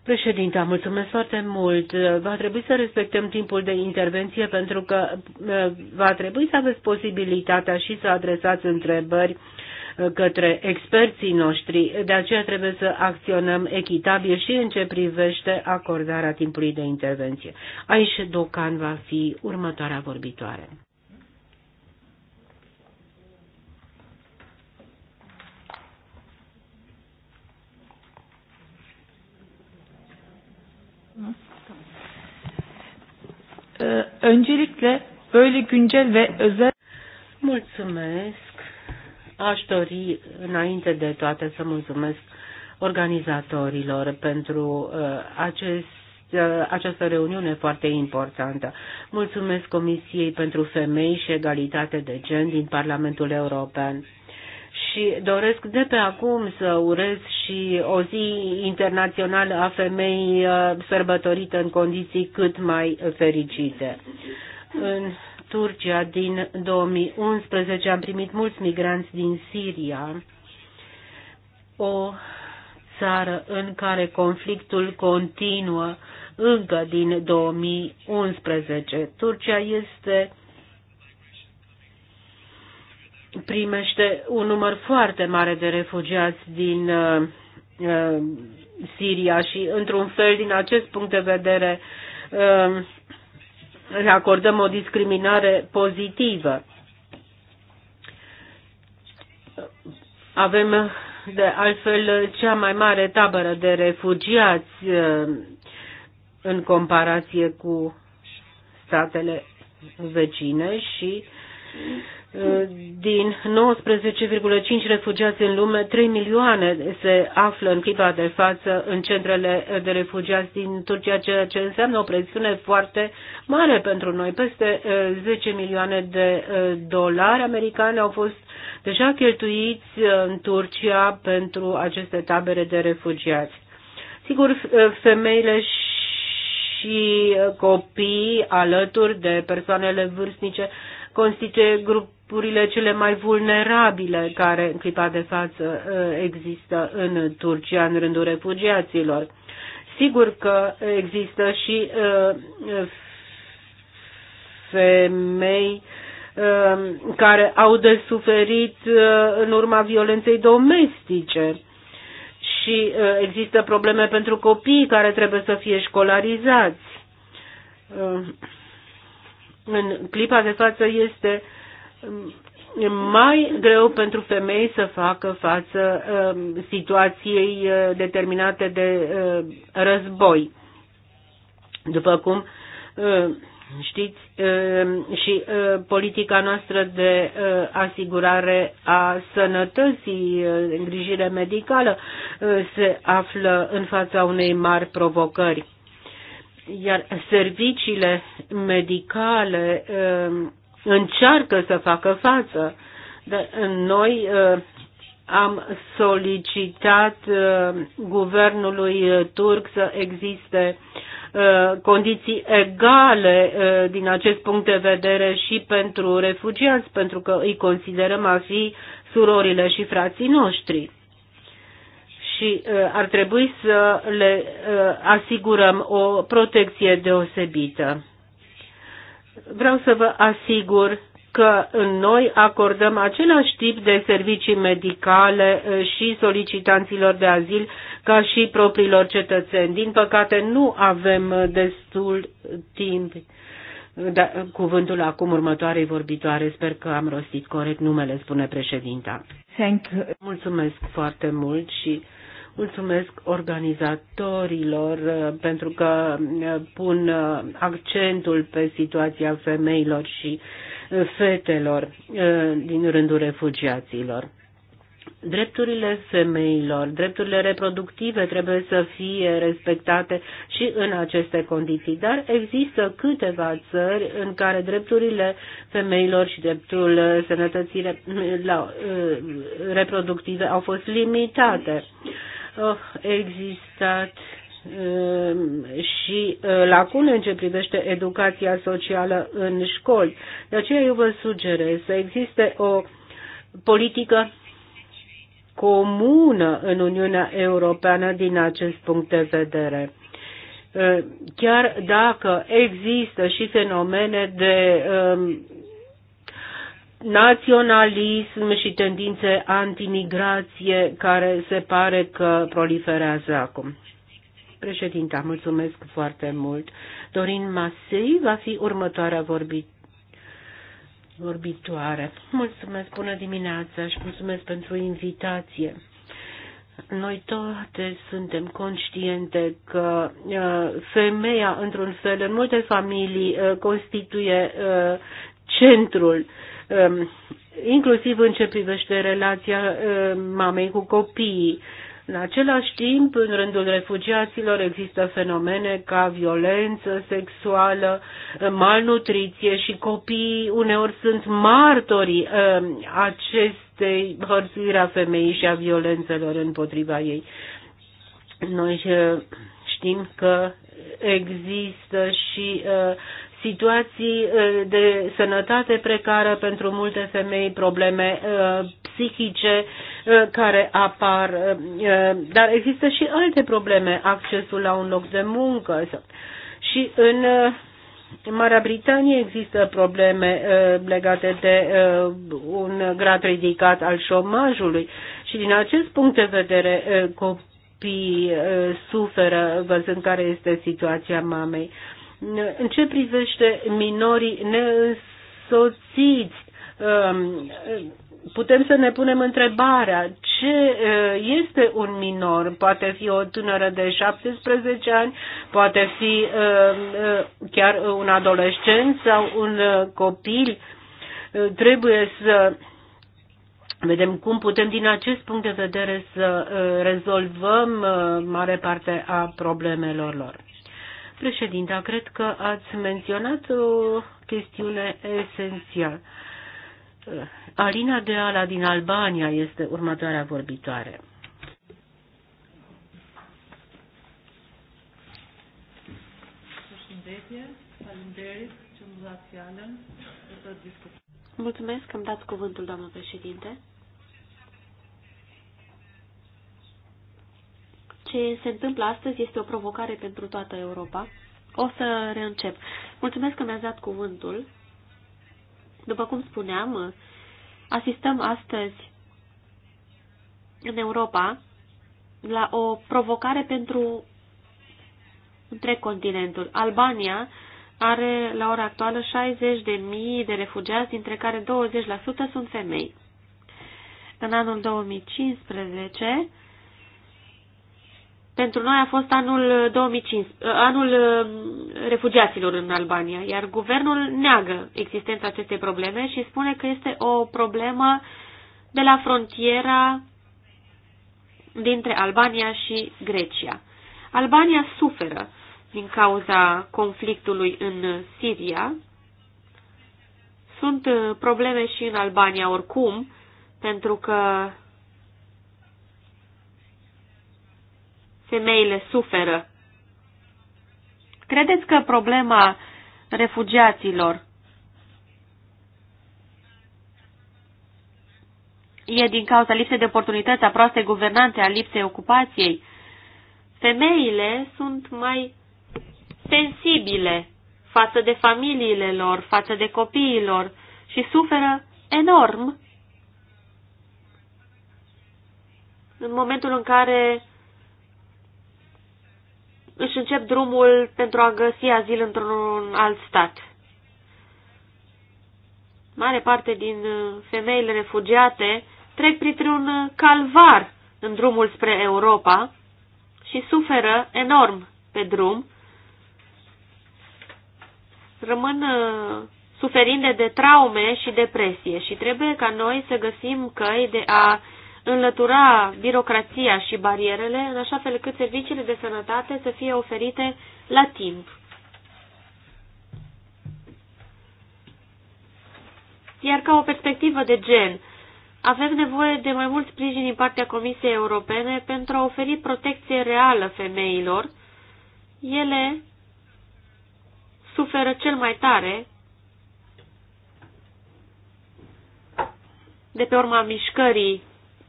Președinte, mulțumesc foarte mult. Va trebui să respectăm timpul de intervenție pentru că va trebui să aveți posibilitatea și să adresați întrebări Uh, către experții noștri. De aceea trebuie să acționăm echitabil și în ce privește acordarea timpului de intervenție. Aici Docan va fi următoarea vorbitoare. Öncelikle böyle güncel ve özel Mulțumesc. Aș dori, înainte de toate, să mulțumesc organizatorilor pentru uh, acest uh, această reuniune foarte importantă. Mulțumesc Comisiei pentru Femei și Egalitate de Gen din Parlamentul European și doresc de pe acum să urez și o zi internațională a femeii uh, sărbătorită în condiții cât mai fericite. În Turcia din 2011 a primit mulți migranți din Siria, o țară în care conflictul continuă încă din 2011. Turcia este primește un număr foarte mare de refugiați din uh, uh Siria și, într-un fel, din acest punct de vedere, uh, le acordăm o discriminare pozitivă. Avem de altfel cea mai mare tabără de refugiați eh, în comparație cu statele vecine și din 19,5 refugiați în lume, 3 milioane se află în clipa de față în centrele de refugiați din Turcia, ceea ce înseamnă o presiune foarte mare pentru noi. Peste 10 uh, milioane de uh, dolari americani au fost deja cheltuiți uh, în Turcia pentru aceste tabere de refugiați. Sigur, femeile și copii alături de persoanele vârstnice constituie grupurile cele mai vulnerabile care în clipa de față uh, există în Turcia în rândul refugiaților. Sigur că există și uh, femei uh, care au de suferit în urma violenței domestice și există probleme pentru copii care trebuie să fie școlarizați în clipa de față este um, mai greu pentru femei să facă față um, situației uh, determinate de uh, război. După cum uh, știți, um, și politica noastră de asigurare a sănătății, îngrijire medicală, se află în fața unei mari provocări. Iar serviciile medicale um, încearcă să facă față. Dar noi uh, am solicitat uh, guvernului uh, turc să existe condiții egale din acest punct de vedere și pentru refugiați, pentru că îi considerăm a fi surorile și frații noștri și uh, ar trebui să le uh, asigurăm o protecție deosebită. Vreau să vă asigur că noi acordăm același tip de servicii medicale uh, și solicitanților de azil ca și propriilor cetățeni. Din păcate nu avem destul timp. Da, cuvântul acum următoarei vorbitoare, sper că am rostit corect numele, spune președinta. Thank you. Mulțumesc foarte mult și Mulțumesc organizatorilor uh, pentru că uh, pun uh, accentul pe situația femeilor și fetelor din rândul refugiaților. Drepturile femeilor, drepturile reproductive trebuie să fie respectate și în aceste condiții, dar există câteva țări în care drepturile femeilor și dreptul sănătății reproductive au fost limitate. Au oh, existat um, și uh, lacune în ce privește educația socială în școli. De aceea eu vă sugerez să existe o politică comună în Uniunea Europeană din acest punct de vedere. Uh, chiar dacă există și fenomene de um, naționalism și tendințe antimigrație care se pare că proliferează acum. Președinte, mulțumesc foarte mult. Dorin Masei va fi următoarea vorbit vorbitoare. Mulțumesc, bună dimineața și mulțumesc pentru invitație. Noi toate suntem conștiente că uh, femeia, într-un fel, în multe familii uh, constituie uh, centrul Um, inclusiv în ce privește relația um, mamei cu copiii. În același timp, în rândul refugiaților există fenomene ca violență sexuală, um, malnutriție și copiii uneori sunt martorii acestei hărțuiri a femeii și a violențelor împotriva ei. Noi uh, știm că există și uh, situații uh, de sănătate precară pentru multe femei, probleme uh, psihice uh, care apar, dar există și alte probleme, accesul la un loc de muncă. Și în Marea Britanie există probleme legate de un grad ridicat al șomajului și din acest punct de vedere copiii suferă văzând care este situația mamei. În ce privește minorii neînsoțiți, um, putem să ne punem întrebarea ce uh, este un minor? Poate fi o tânără de 17 ani, poate fi uh, uh, chiar un adolescent sau un copil. Trebuie să vedem cum putem din acest punct de vedere să rezolvăm mare parte a problemelor lor. Președinta, cred că ați menționat o chestiune esențială. Alina Deala din Albania este următoarea vorbitoare. Mulțumesc că îmi dați cuvântul, doamnă președinte. ce se întâmplă astăzi este o provocare pentru toată Europa. O să reîncep. Mulțumesc că mi-ați dat cuvântul. După cum spuneam, asistăm astăzi în Europa la o provocare pentru întreg continentul. Albania are la ora actuală 60.000 de refugiați, dintre care 20% sunt femei. În anul 2015, pentru noi a fost anul, 2015, anul uh, refugiaților în Albania, iar guvernul neagă existența acestei probleme și spune că este o problemă de la frontiera dintre Albania și Grecia. Albania suferă din cauza conflictului în Siria. Sunt uh, probleme și în Albania oricum, pentru că femeile suferă. Credeți că problema refugiaților e din cauza lipsei de oportunități, a proastei guvernanțe, a lipsei ocupației? Femeile sunt mai sensibile față de familiile lor, față de copiilor și suferă enorm în momentul în care își încep drumul pentru a găsi azil într-un alt stat. Mare parte din uh, femeile refugiate trec printr-un uh, calvar în drumul spre Europa și suferă enorm pe drum, rămân uh, suferinde de traume și depresie și trebuie ca noi să găsim căi de a înlătura birocrația și barierele, în așa fel cât serviciile de sănătate să fie oferite la timp. Iar ca o perspectivă de gen, avem nevoie de mai mult sprijin din partea Comisiei Europene pentru a oferi protecție reală femeilor. Ele suferă cel mai tare de pe urma mișcării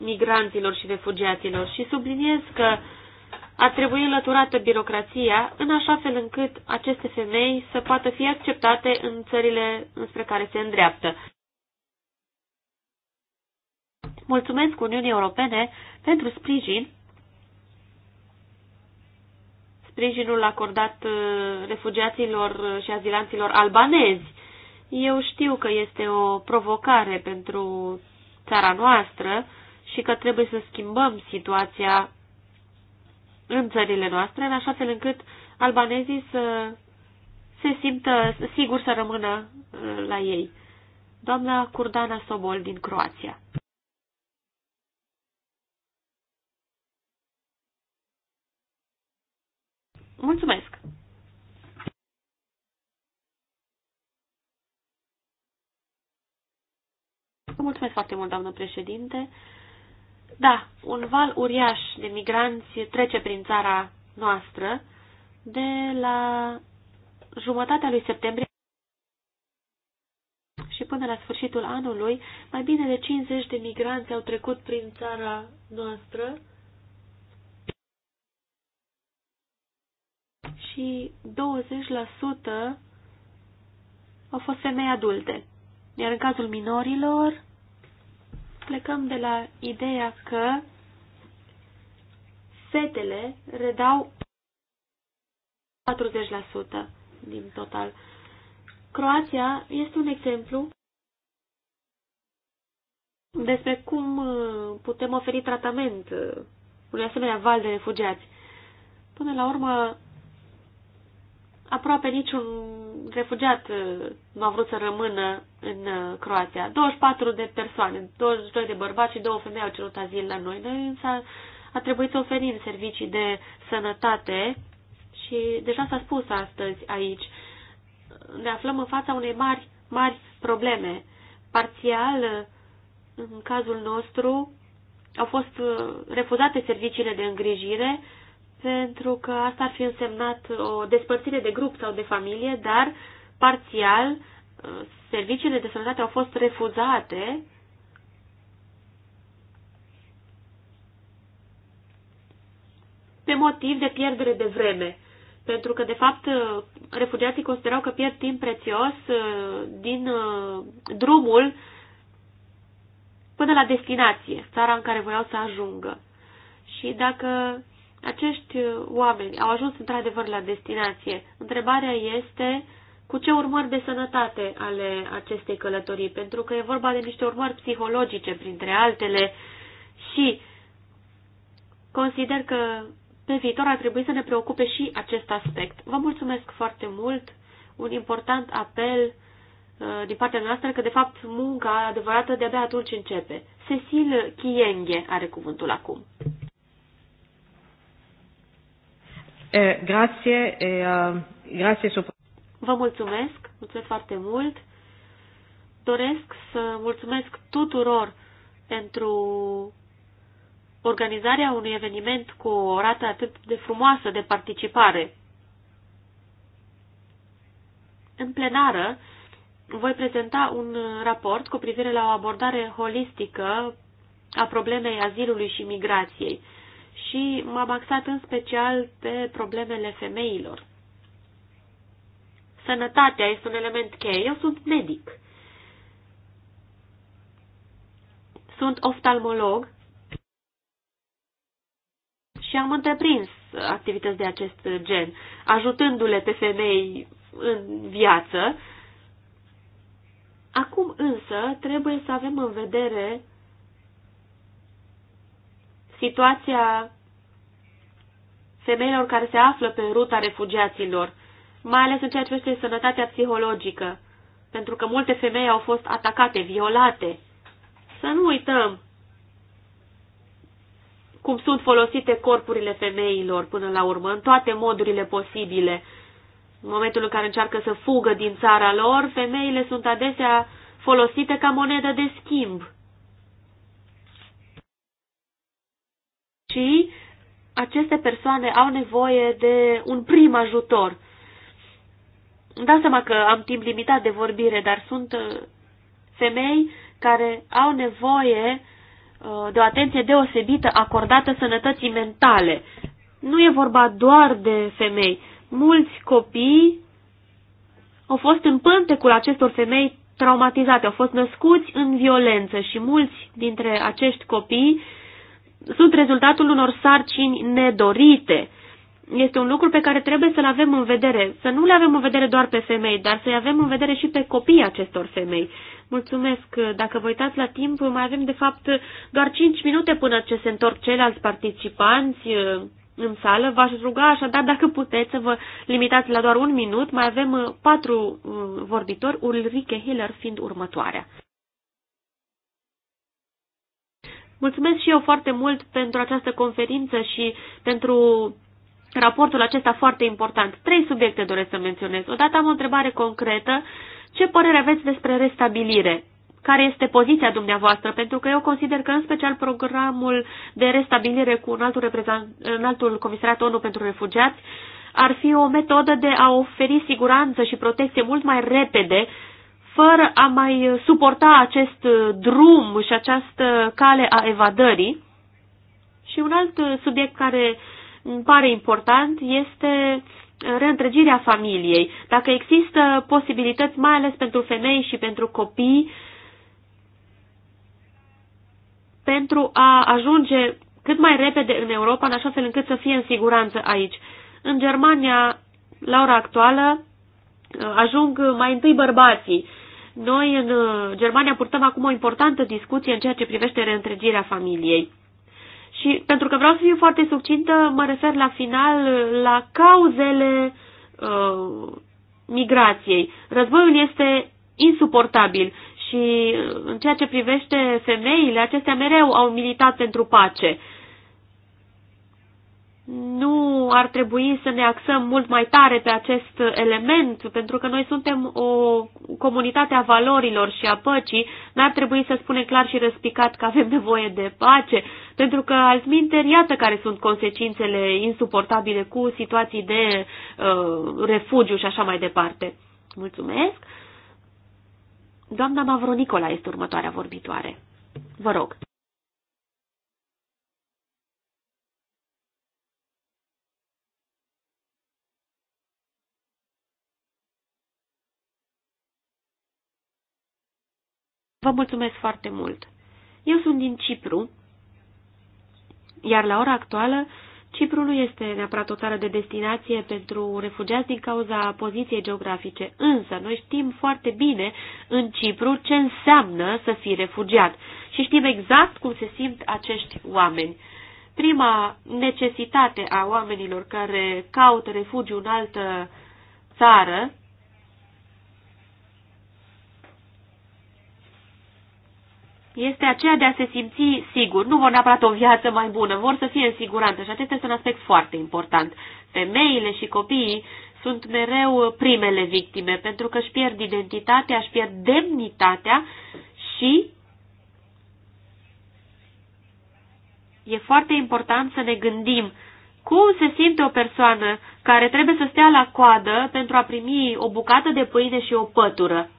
migranților și refugiaților și subliniez că ar trebui înlăturată birocrația în așa fel încât aceste femei să poată fi acceptate în țările înspre care se îndreaptă. Mulțumesc Uniunii Europene pentru sprijin, sprijinul acordat uh, refugiaților și azilanților albanezi. Eu știu că este o provocare pentru țara noastră, și că trebuie să schimbăm situația în țările noastre, în așa fel încât albanezii să se simtă sigur să rămână uh, la ei. Doamna Curdana Sobol din Croația. Mulțumesc! Mulțumesc foarte mult, doamnă președinte. Da, un val uriaș de migranți trece prin țara noastră de la jumătatea lui septembrie și până la sfârșitul anului, mai bine de 50 de migranți au trecut prin țara noastră și 20% au fost femei adulte. Iar în cazul minorilor, plecăm de la ideea că fetele redau 40% din total. Croația este un exemplu despre cum uh, putem oferi tratament uh, unui asemenea val de refugiați. Până la urmă, aproape niciun refugiat uh, nu a vrut să rămână în uh, Croația. 24 de persoane, 22 de bărbați și două femei au cerut azil la noi. Noi însă a trebuit să oferim servicii de sănătate și deja s-a spus astăzi aici. Ne aflăm în fața unei mari, mari probleme. Parțial, uh, în cazul nostru, au fost refuzate serviciile de îngrijire, pentru că asta ar fi însemnat o despărțire de grup sau de familie, dar parțial uh, serviciile de sănătate au fost refuzate pe motiv de pierdere de vreme. Pentru că, de fapt, uh, refugiații considerau că pierd timp prețios uh, din drumul până la destinație, țara în care voiau să ajungă. Și dacă acești uh, oameni au ajuns într-adevăr la destinație. Întrebarea este cu ce urmări de sănătate ale acestei călătorii, pentru că e vorba de niște urmări psihologice, printre altele, și consider că pe viitor ar trebui să ne preocupe și acest aspect. Vă mulțumesc foarte mult, un important apel uh, din partea noastră că, de fapt, munca adevărată de-abia atunci începe. Cecil Chienghe are cuvântul acum. grazie Vă mulțumesc, mulțumesc foarte mult. Doresc să mulțumesc tuturor pentru organizarea unui eveniment cu o rată atât de frumoasă de participare. În plenară voi prezenta un raport cu privire la o abordare holistică a problemei azilului și migrației și m-am axat în special pe problemele femeilor. Sănătatea este un element cheie. Eu sunt medic. Sunt oftalmolog și am întreprins activități de acest gen, ajutându-le pe femei în viață. Acum însă trebuie să avem în vedere situația femeilor care se află pe ruta refugiaților, mai ales în ceea ce este sănătatea psihologică, pentru că multe femei au fost atacate, violate. Să nu uităm cum sunt folosite corpurile femeilor până la urmă, în toate modurile posibile. În momentul în care încearcă să fugă din țara lor, femeile sunt adesea folosite ca monedă de schimb. ci aceste persoane au nevoie de un prim ajutor. Îmi dau seama că am timp limitat de vorbire, dar sunt uh, femei care au nevoie uh, de o atenție deosebită acordată sănătății mentale. Nu e vorba doar de femei. Mulți copii au fost în pântecul acestor femei traumatizate, au fost născuți în violență și mulți dintre acești copii sunt rezultatul unor sarcini nedorite. Este un lucru pe care trebuie să-l avem în vedere, să nu le avem în vedere doar pe femei, dar să-i avem în vedere și pe copiii acestor femei. Mulțumesc. Dacă vă uitați la timp, mai avem de fapt doar 5 minute până ce se întorc ceilalți participanți uh, în sală. V-aș ruga așadar dacă puteți să vă limitați la doar un minut. Mai avem uh, patru uh, vorbitori, Ulrike Hiller fiind următoarea. Mulțumesc și eu foarte mult pentru această conferință și pentru raportul acesta foarte important. Trei subiecte doresc să menționez. Odată am o întrebare concretă. Ce părere aveți despre restabilire? Care este poziția dumneavoastră? Pentru că eu consider că, în special, programul de restabilire cu un altul, comisariat ONU pentru refugiați ar fi o metodă de a oferi siguranță și protecție mult mai repede fără a mai suporta acest drum și această cale a evadării. Și un alt subiect care îmi pare important este reîntregirea familiei. Dacă există posibilități, mai ales pentru femei și pentru copii, pentru a ajunge cât mai repede în Europa, în așa fel încât să fie în siguranță aici. În Germania, la ora actuală, ajung mai întâi bărbații noi în uh, Germania purtăm acum o importantă discuție în ceea ce privește reîntregirea familiei. Și pentru că vreau să fiu foarte succintă, mă refer la final uh, la cauzele uh, migrației. Războiul este insuportabil și uh, în ceea ce privește femeile, acestea mereu au militat pentru pace nu ar trebui să ne axăm mult mai tare pe acest element, pentru că noi suntem o comunitate a valorilor și a păcii, n-ar trebui să spunem clar și răspicat că avem nevoie de pace, pentru că altminteri iată care sunt consecințele insuportabile cu situații de uh, refugiu și așa mai departe. Mulțumesc! Doamna Mavronicola este următoarea vorbitoare. Vă rog! Vă mulțumesc foarte mult! Eu sunt din Cipru, iar la ora actuală Cipru nu este neapărat o țară de destinație pentru refugiați din cauza poziției geografice, însă noi știm foarte bine în Cipru ce înseamnă să fii refugiat și știm exact cum se simt acești oameni. Prima necesitate a oamenilor care caută refugiu în altă țară este aceea de a se simți sigur. Nu vor neapărat o viață mai bună, vor să fie în siguranță și acesta este un aspect foarte important. Femeile și copiii sunt mereu primele victime pentru că își pierd identitatea, își pierd demnitatea și e foarte important să ne gândim cum se simte o persoană care trebuie să stea la coadă pentru a primi o bucată de pâine și o pătură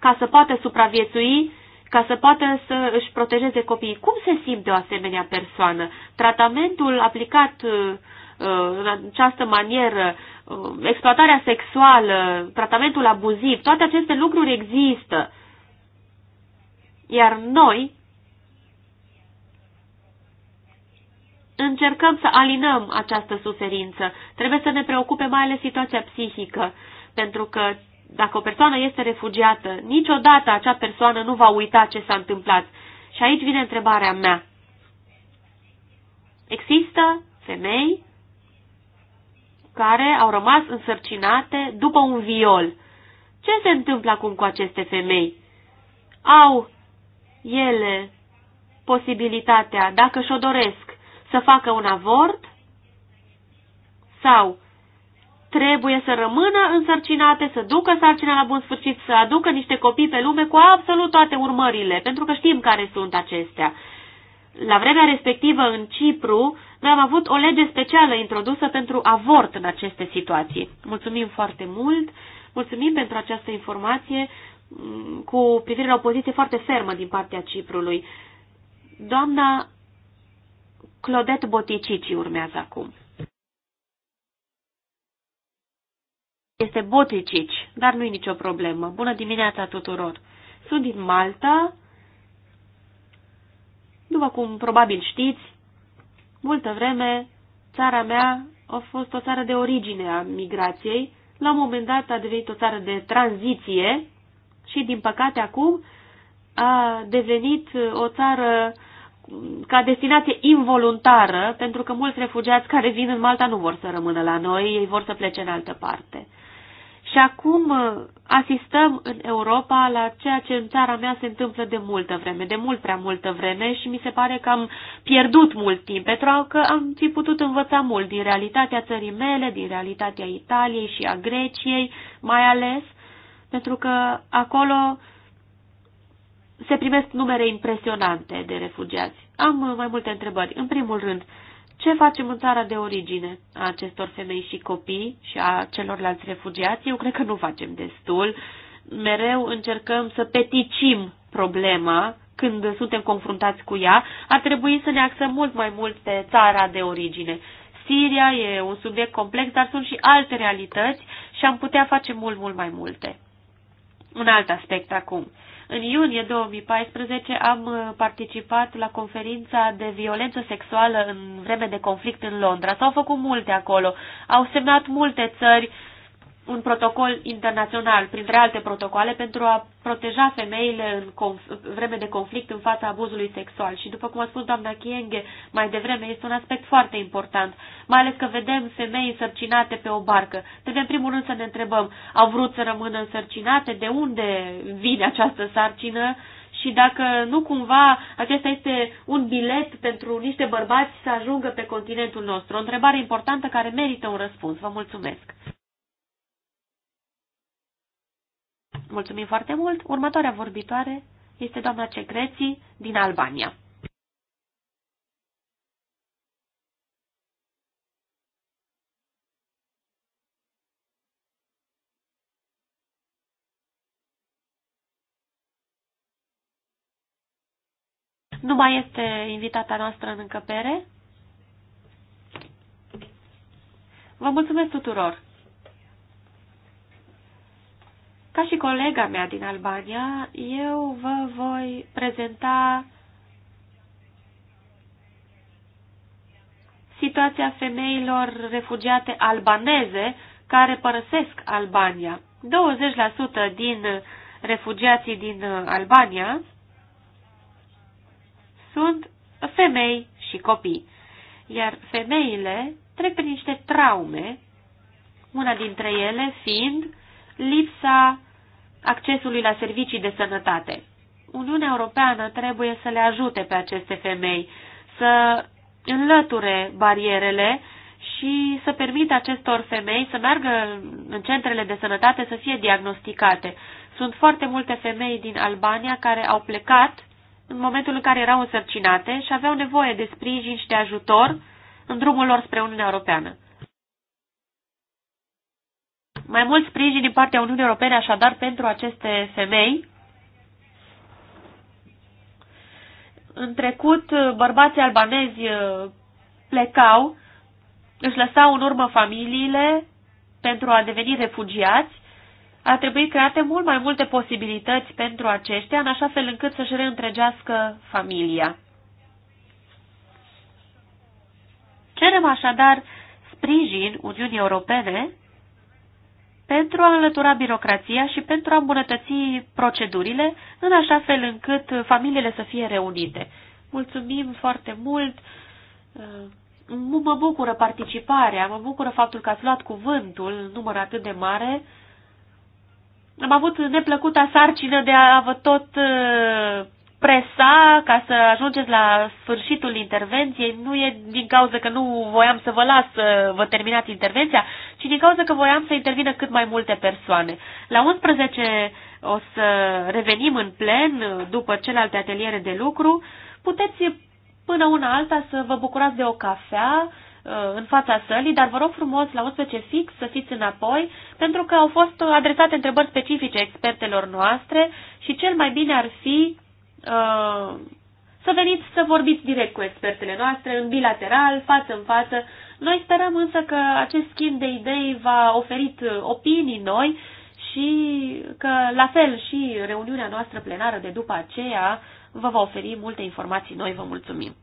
ca să poată supraviețui ca să poată să își protejeze copiii. Cum se simte o asemenea persoană? Tratamentul aplicat uh, uh, în această manieră, uh, exploatarea sexuală, tratamentul abuziv, toate aceste lucruri există. Iar noi încercăm să alinăm această suferință. Trebuie să ne preocupe mai ales situația psihică, pentru că dacă o persoană este refugiată, niciodată acea persoană nu va uita ce s-a întâmplat. Și aici vine întrebarea mea. Există femei care au rămas însărcinate după un viol. Ce se întâmplă acum cu aceste femei? Au ele posibilitatea, dacă și-o doresc, să facă un avort? Sau trebuie să rămână însărcinate, să ducă sarcina la bun sfârșit, să aducă niște copii pe lume cu absolut toate urmările, pentru că știm care sunt acestea. La vremea respectivă, în Cipru, noi am avut o lege specială introdusă pentru avort în aceste situații. Mulțumim foarte mult, mulțumim pentru această informație mm, cu privire la o poziție foarte fermă din partea Ciprului. Doamna Claudette Boticici urmează acum. este Botricici, dar nu-i nicio problemă. Bună dimineața tuturor! Sunt din Malta. După cum probabil știți, multă vreme țara mea a fost o țară de origine a migrației. La un moment dat a devenit o țară de tranziție și, din păcate, acum a devenit o țară ca destinație involuntară, pentru că mulți refugiați care vin în Malta nu vor să rămână la noi, ei vor să plece în altă parte. Și acum uh, asistăm în Europa la ceea ce în țara mea se întâmplă de multă vreme, de mult prea multă vreme și mi se pare că am pierdut mult timp, pentru că am fi putut învăța mult din realitatea țării mele, din realitatea Italiei și a Greciei, mai ales, pentru că acolo se primesc numere impresionante de refugiați. Am uh, mai multe întrebări. În primul rând, ce facem în țara de origine a acestor femei și copii și a celorlalți refugiați? Eu cred că nu facem destul. Mereu încercăm să peticim problema când suntem confruntați cu ea. Ar trebui să ne axăm mult mai mult pe țara de origine. Siria e un subiect complex, dar sunt și alte realități și am putea face mult, mult mai multe. Un alt aspect acum. Uh, în iunie 2014 am uh, participat la conferința de violență sexuală în vreme de conflict în Londra. S-au făcut multe acolo. Au semnat multe țări un protocol internațional, printre alte protocoale, pentru a proteja femeile în vreme de conflict în fața abuzului sexual. Și după cum a spus doamna Chienghe mai devreme, este un aspect foarte important, mai ales că vedem femei însărcinate pe o barcă. Trebuie în primul rând să ne întrebăm, au vrut să rămână însărcinate? De unde vine această sarcină? și dacă nu cumva acesta este un bilet pentru niște bărbați să ajungă pe continentul nostru. O întrebare importantă care merită un răspuns. Vă mulțumesc! Mulțumim foarte mult. Următoarea vorbitoare este doamna Cegreții din Albania. Nu mai este invitata noastră în încăpere? Vă mulțumesc tuturor! Ca și colega mea din Albania, eu vă voi prezenta situația femeilor refugiate albaneze care părăsesc Albania. 20% din refugiații din Albania sunt femei și copii, iar femeile trec prin niște traume, una dintre ele fiind lipsa accesului la servicii de sănătate. Uniunea Europeană trebuie să le ajute pe aceste femei să înlăture barierele și să permită acestor femei să meargă în centrele de sănătate să fie diagnosticate. Sunt foarte multe femei din Albania care au plecat în momentul în care erau însărcinate și aveau nevoie de sprijin și de ajutor în drumul lor spre Uniunea Europeană. Mai mult sprijin din partea Uniunii Europene așadar pentru aceste femei. În trecut, bărbații albanezi uh, plecau, își lăsau în urmă familiile pentru a deveni refugiați. Ar trebui create mult mai multe posibilități pentru aceștia, în așa fel încât să-și reîntregească familia. Cerem așadar sprijin Uniunii Europene pentru a înlătura birocrația și pentru a îmbunătăți procedurile, în așa fel încât familiile să fie reunite. Mulțumim foarte mult! Uh, mă bucură participarea, mă bucură faptul că ați luat cuvântul, număr atât de mare. Am avut neplăcuta sarcină de a vă tot uh, presa ca să ajungeți la sfârșitul intervenției. Nu e din cauza că nu voiam să vă las să vă terminați intervenția, ci din cauza că voiam să intervină cât mai multe persoane. La 11 o să revenim în plen după celelalte ateliere de lucru. Puteți până una alta să vă bucurați de o cafea uh, în fața sălii, dar vă rog frumos la 11 fix să fiți înapoi, pentru că au fost adresate întrebări specifice expertelor noastre și cel mai bine ar fi Uh, să veniți să vorbiți direct cu expertele noastre, în bilateral, față în față. Noi sperăm însă că acest schimb de idei va oferit uh, opinii noi și că, la fel, și reuniunea noastră plenară de după aceea vă va oferi multe informații noi. Vă mulțumim!